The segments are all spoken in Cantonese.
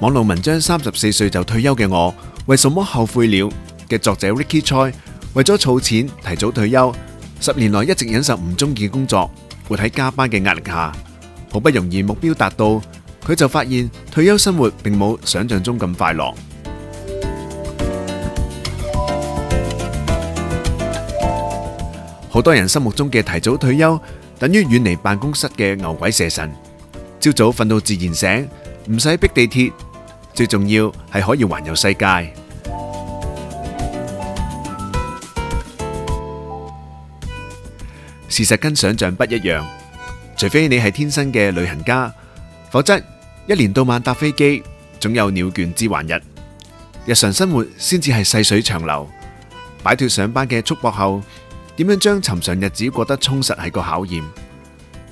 網絡文章《三十四歲就退休嘅我為什麼後悔了》嘅作者 Ricky Choi 為咗儲錢提早退休，十年來一直忍受唔中意嘅工作，活喺加班嘅壓力下，好不容易目標達到，佢就發現退休生活並冇想象中咁快樂。好多人心目中嘅提早退休等於遠離辦公室嘅牛鬼蛇神，朝早瞓到自然醒，唔使逼地鐵。最重要係可以環遊世界。事實跟想象不一樣，除非你係天生嘅旅行家，否則，一年到晚搭飛機，總有鳥倦知還日。日常生活先至係細水長流。擺脫上班嘅束縛後，點樣將尋常日子過得充實係個考驗。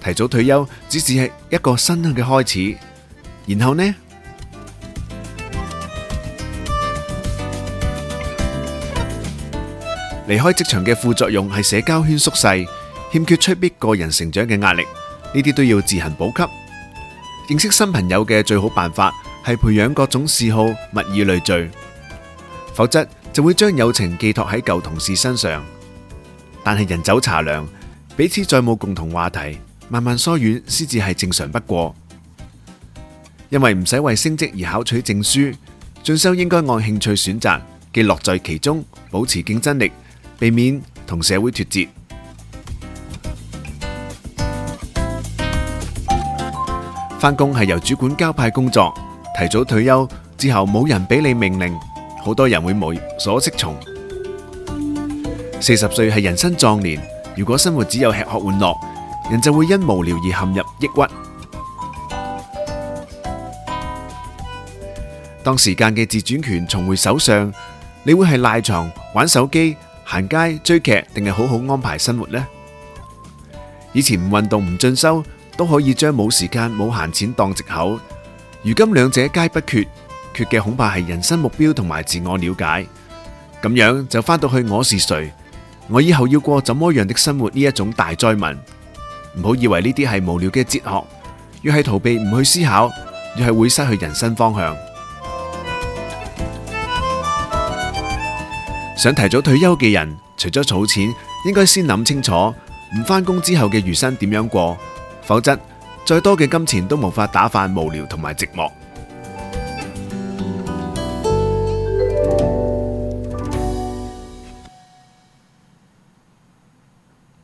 提早退休，只是係一個新嘅開始。然後呢？離開職場嘅副作用係社交圈縮細，欠缺催迫個人成長嘅壓力，呢啲都要自行補給。認識新朋友嘅最好辦法係培養各種嗜好，物以類聚，否則就會將友情寄託喺舊同事身上。但係人走茶涼，彼此再冇共同話題，慢慢疏遠，先至係正常不過。因為唔使為升職而考取證書，進修應該按興趣選擇，既樂在其中，保持競爭力。避免同社會脫節。返工係由主管交派工作，提早退休之後，冇人俾你命令，好多人會無所適從。四十歲係人生壯年，如果生活只有吃喝玩樂，人就會因無聊而陷入抑鬱。當時間嘅自主權重回手上，你會係賴床玩手機。行街追劇定係好好安排生活呢？以前唔運動唔進修，都可以將冇時間冇閒錢當借口，如今兩者皆不缺，缺嘅，恐怕係人生目標同埋自我了解。咁樣就返到去我是誰，我以後要過怎麼樣的生活呢，一種大哉問。唔好以為呢啲係無聊嘅哲學，越係逃避唔去思考，越係會失去人生方向。想提早退休嘅人，除咗儲錢，應該先諗清楚唔返工之後嘅餘生點樣過，否則再多嘅金錢都無法打發無聊同埋寂寞。